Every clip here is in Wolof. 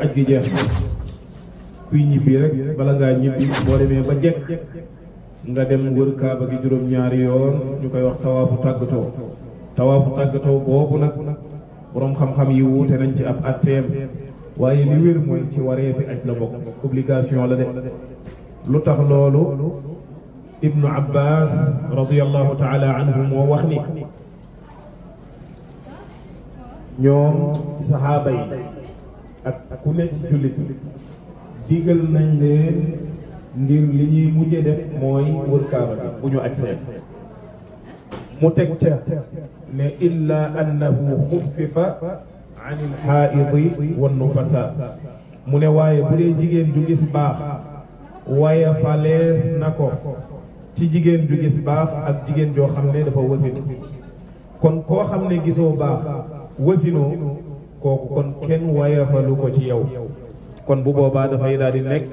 aj gi jeex kuy ñibbi rek bala ngaa ñibbi boo demee ba jekk nga dem wër kaaba gi juróom ñaari yoon ñu koy wax tawaafu tàggatoo tawaafu tàggatoo boobu nag borom xam-xam yi wuute nañ ci ab atteem waaye li wér mooy ci waree aj la bokk obligation la de lu tax loolu ibnu abbas radiallahu taala anhu moo wax ni ñoom sahaaba yi ak ku ne jullit digal nañ ne ngir li ñuy mujje def mooy wër kaaba bi bu ñu aj seen mu teg ca ne illa annahu xuffifa an il xaaidi wan nufasa mu ne waaye bu dee jigéen ju gis baax waaye falees na ko ci jigéen ju gis baax ak jigéen joo xam ne dafa wasin kon koo xam ne gisoo baax wasinoo kooku kon kenn wayafalu ko ci yow kon bu boobaa dafay daal di nekk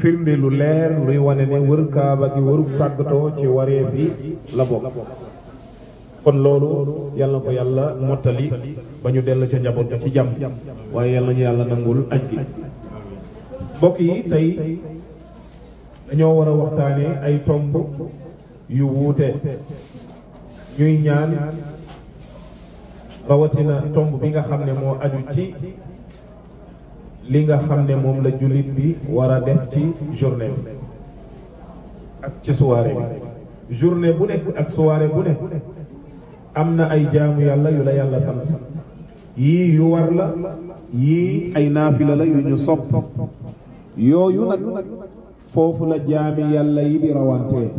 firnde lu leer luy wane ne wër kaaba gi wëru tàggatoo ci waree bi la bokk kon loolu yàlla na ko yàlla mottali ba ñu dell ca njaboot ci jàmm waaye yàlla nañu yàlla nangul aj gi mbokk yi tey dañoo war a ay tomb yu wuute ñuy ñaan rawatina tomb bi nga xam ne moo aju ci li nga xam ne moom la jullit bi war a def ci journée bi ci soirée bi journée bu nekk ak soirée bu nekk am na ay jaamu yàlla yu la yàlla sant yii yu war la yii ay naafila la yu ñu sopp yooyu nag foofu la jaami yàlla yi di rawantee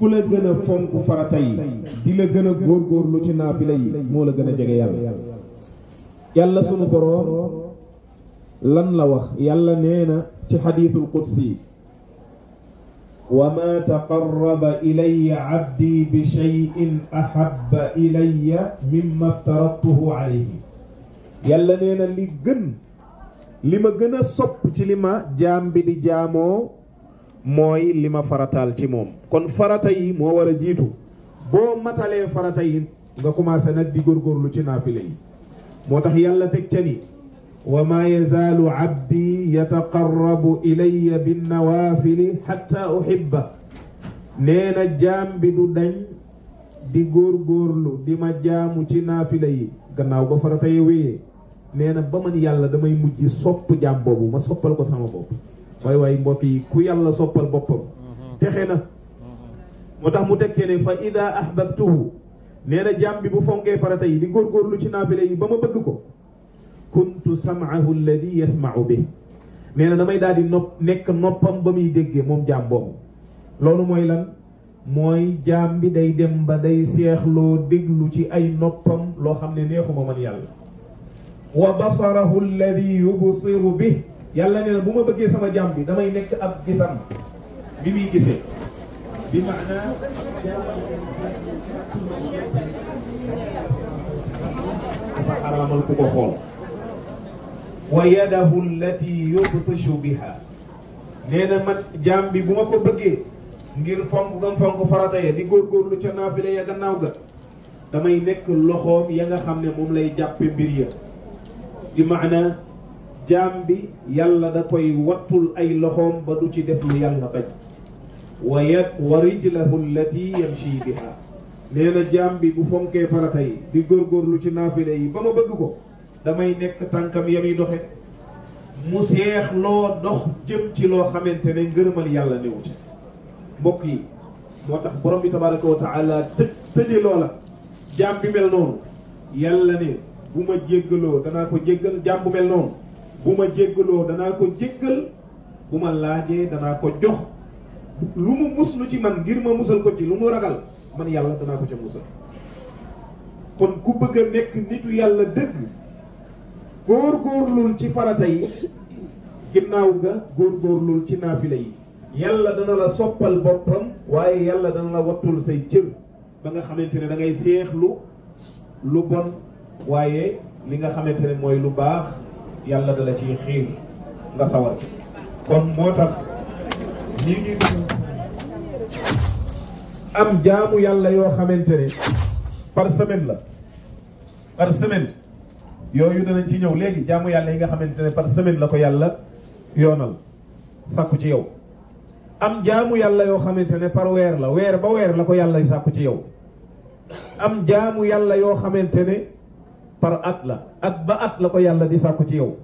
ku la gën a fonk farata yi di la gën a góorgóorlu ci naafila yi moo la gën a jege yàlla yàlla sunu boroom lan la wax yàlla nee na ci xadiisul qudsi wa ma taqarraba ilayya abdi bi shay'in ahabba ilayya mimma aftaradtuhu alayhi yàlla nee na li gën li ma gën a sopp ci li ma jaam bi di jaamoo mooy li ma farataal ci moom kon farata yi moo war a jiitu boo matalee farata yi nga commencé nag di góorgóorlu ci naafile yi moo tax yàlla teg ca ni wa maa yazaalu abdi yataqarrabu ilayya binnawaafili xatta uhibba nee na jaam bi du dañ di góor góorgóorlu di ma jaamu ci naafile yi gannaaw ba farata yi wéyee nee na ba man yàlla damay mujj sopp jaam boobu ma soppal ko sama bopp way way mbokk yi ku yàlla soppal bopam texena motax mu tekkee ne fa idha ahbabtuhu neena jambi bu fonke farata yi di gor gor lu ci naafile yi bama beug ko kuntu sam'ahu alladhi yasmau bih neena damay dadi nop nek nopam bamuy degge mom jambom lolu moy lan moy jambi day dem ba day lo déglu ci ay nopam lo xamne ne neexuma man yàlla wa basarahu alladhi yubsiru bih Yalla neena buma beugé sama jamm bi damay nek ab gisam bi mi gisé bi makna dafa xaraamal ku ko xol wa yadahu allati yubtishu biha neena ma jamm bi buma ko beugé ngir fonk gam fonk farata ya di lu ci naafile ya gannaaw ga damay nek loxom ya nga xam mom lay jappé mbir ya di makna jaam bi yàlla da koy wattul ay loxoom ba du ci def lu yàlla bañ wa yat wa rijlahu allati yamshi biha nee na jaam bi bu fonkee farata yi di góorgóorlu ci naafile yi ba ma bëgg ko damay nekk tànkam yamuy doxe mu seex loo dox jëm ci loo xamante ne ngërëmal yàlla néew ci mbokk yi moo tax borom bi tabaraka wa taala të tëje loola jaam bi mel noonu yàlla ne bu ma jéggaloo danaa ko jéggal jaam bu mel noonu bu ma jéggaloo danaa ko jéggal bu ma laajee danaa ko jox lu mu muslu ci man ngir ma musal ko ci lu mu ragal man yàlla danaa ko ca musal kon ku bëgg a nekk nitu yàlla dëgg góorgóorlul ci farata yi ginnaaw nga góorgóorlul ci naafila yi yàlla dana la soppal boppam waaye yàlla dana la wattul say cër ba nga xamante ne da ngay seexlu lu bon waaye li nga xamante ne mooy lu baax yàlla dala ci xiir nga sawar ci kon moo tax lii ñuy am jaamu yàlla yoo xamante ne par semaine la par semaine yooyu danañ ci ñëw léegi jaamu yàlla yi nga xamante ne par semaine la ko yàlla yoonal sàkku ci yow am jaamu yàlla yoo xamante ne par weer la weer ba weer la ko yàlla sàkku ci yow am jaamu yàlla yoo xamante ne par at la at ba at la ko yàlla di sàkku ci yow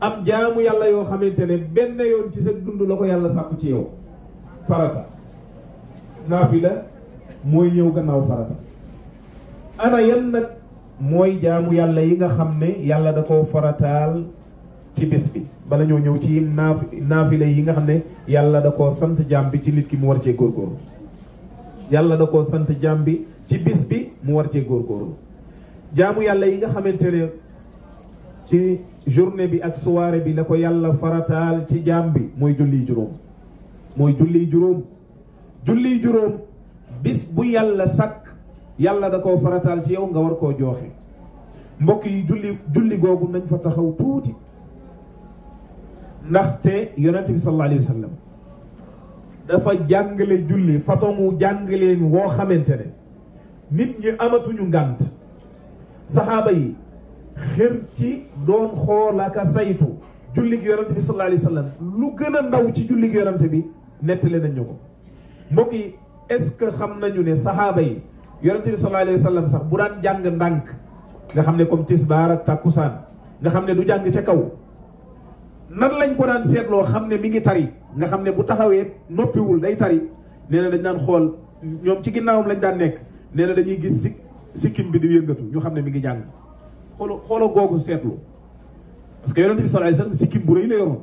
am jaamu yàlla yoo xamante ne benn yoon ci sa dund la ko yàlla sàkku ci yow farata la mooy ñëw gannaaw farata ana yan nag mooy jaamu yàlla yi nga xam ne yàlla da koo farataal ci bés bi bala ñoo ñëw ci yi nga xam ne yàlla da koo sant jaam bi ci nit mu war cee góorgóorlu yàlla da koo sant jaam bi ci bis bi mu war cee góorgóorlu jaamu yàlla yi nga xamantene ci journée bi ak soirée bi la ko yàlla faratal ci jaam bi mooy julli jurom moy julli jurom julli jurom bis bu yàlla sak yàlla da koo farataal ci yow nga war ko joxe mbokk yi julli julli gogou nañ fa taxaw ndax te yaronte bi sallallahu alayhi wasallam dafa jàngale julli façon mu jangale woo wo xamantene nit ñi amatuñu ngànt saxaaba yi xër ci doon xoolaaka saytu jullig yonante bi sallallahu alayhi lu gën a ndaw ci jullig yonante bi nettali nañ ñu ko mbokk yi est-ce que xam nañu ne saxaaba yi yoronte bi sallallahu alayhi sax bu daan jàng ndànk nga xam ne comme tisbaar ak tàkkusaan nga xam ne du jàng ci kaw nan lañ ko daan seetloo xam ne mi ngi tari nga xam ne bu taxawee noppiwul day tari nee na dañ daan xool ñoom ci ginnaawam lañ daan nekk nee na dañuy gis si sikkim bi di yëngatu xam ne mi ngi jàng xoolo xoolo googu seetlu parce que yonent bi sallallahu alayhi wasallam sikkim bu rëy la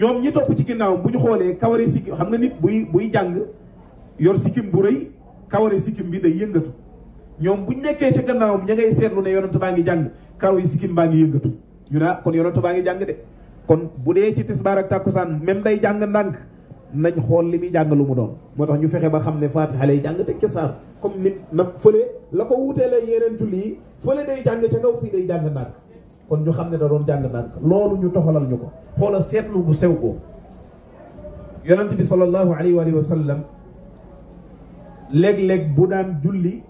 ñoom ñi topp ci ginnaaw bu ñu xoolee kawari sikkim xam nga nit buy buy jàng yor sikkim bu rëy kawari sikkim bi day yëngatu ñoom bu ñu nekkee ci gannaawam ña ngay seetlu ne yonent baa ngi jàng kaw yi sikkim baa ngi yëngatu ñu ne ah, kon yonent baa ngi jàng de kon bu dee ci tisbaar ak tàkkusaan même day jàng ndànk nañ xool li muy jàng lu mu doon moo tax ñu fexe ba xam ne faatiha lay jàng teg ca comme nit nag fële la ko wuuteelee yeneen julli yi fële day jàng ca kaw fii day jàng nànk kon ñu xam ne da doon jàng nànk loolu ñu toxalal ñu ko xoola seetlu bu sew ko yonent bi sallallahu alayhi wa sallam léeg-léeg bu daan julli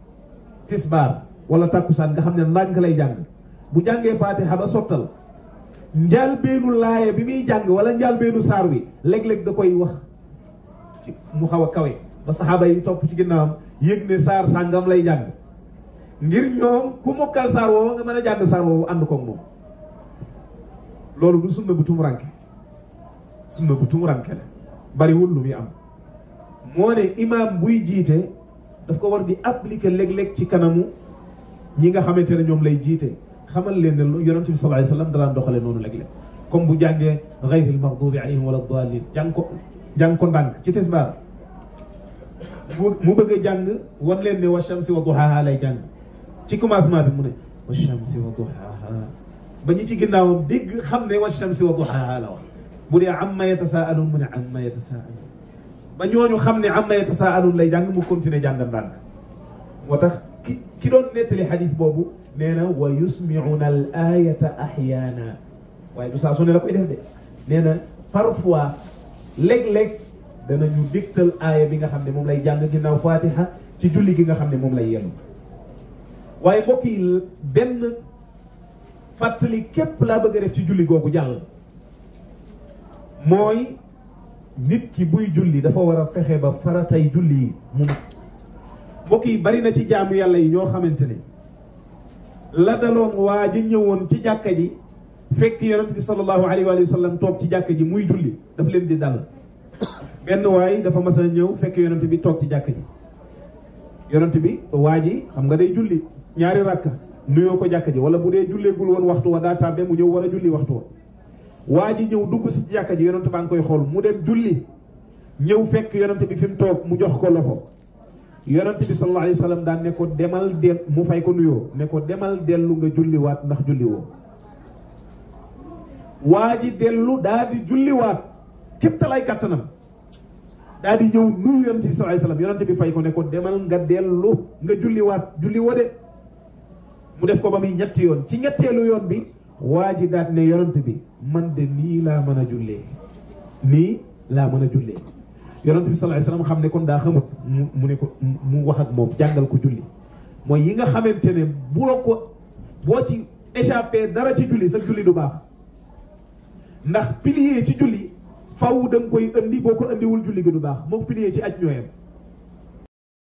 tisbaar wala tàkkusaan nga xam ne nànk lay jàng bu jàngee faatiha ba sottal njaal beenu laaya bi muy jàng wala njaal beenu saar wi léeg-léeg da koy wax ci mu xaw a kawe ba saxaaba yi topp ci ginnaawam yëg ne saar sàngam lay jàng ngir ñoom ku mokkal saar woowu nga mën a jàng saar woowu ànd koog bu tumuranke sunna bu tumuranke la bariwul lu muy am buy jiite daf ko war di appliquer léeg-léeg ci kanamu ñi nga xamante ne ñoom lay jiite xamal leen ne bu jàngee ghayril jàng ko jàng ko ndànk ci tisbaar mu bëgg a jàng wan leen ne wa shamsi wa duhaaha lay jàng ci commencement bi mu ne wa shamsi wa duhaaha ba ñu ci ginnaawam dégg xam ne wa shamsi wa duhaaha la wax bu dee amma yatasaaluun mu ne amma yatasaaluun ba ñooñu xam ne amma yatasaaluun lay jàng mu continuer jàng ndànk moo tax ki ki doon nettali xadis boobu nee na wa yusmiuna al ayata ahyaana waaye du saa su ne la koy def de nee na parfois léeg-léeg danañu diktal aya bi nga xamne mom lay jàng ginnaw fatiha ci julli gi nga xamne mom lay yem waye mbokk yi ben fatali kep la bëgg def ci julli gogu jàll moy nit ki buy julli dafa wara fexe ba faratay julli mu mbokk yi bari na ci jaamu yàlla yi ño xamanteni la daloon waa ji ñëwoon ci jàkka ji fekk yonent bi sallallahu alaihi wa sallam tok ci jàkka ji muy julli daf leen di dal benn waay dafa mas a ñëw fekk yonent bi toog ci jàkk ji yonent bi waa ji xam nga day julli ñaari rakka nuyoo ko jàkk ji wala mu dee julleegul woon waxtu wa daa tàmbe mu ñëw war a julli waxtu waa ji ñëw dugg si jàkk ji yonent baa ngi koy xool mu dem julli ñëw fekk yonent bi fi mu toog mu jox ko loxo yonent bi sallallahu alayhi daan ne ko demal del mu fay ko nuyoo ne ko demal dellu nga julliwaat ndax julli woo waa ji dellu daa di julliwaat képp képptalaay kàttanam daal di ñëw nuyu yonent bi sallallahu alayhi bi fay ko ne ko demal nga dellu nga julliwaat julli woo de mu def ko ba muy ñetti yoon ci ñetteelu yoon bi waa ji daat ne yonent bi man de nii laa mën a jullee nii laa mën a jullee yonent bi sallallahu alayhi wasallam xam ne kon daa xamut mu ne ko mu wax ak moom jàngal ko julli mooy yi nga xamante ne bu ko boo ci échappé dara ci julli sa julli du baax ndax pilier ci julli faw da nga koy andi boo ko andiwul julli gi du baax moo pilier ci aj ñooyam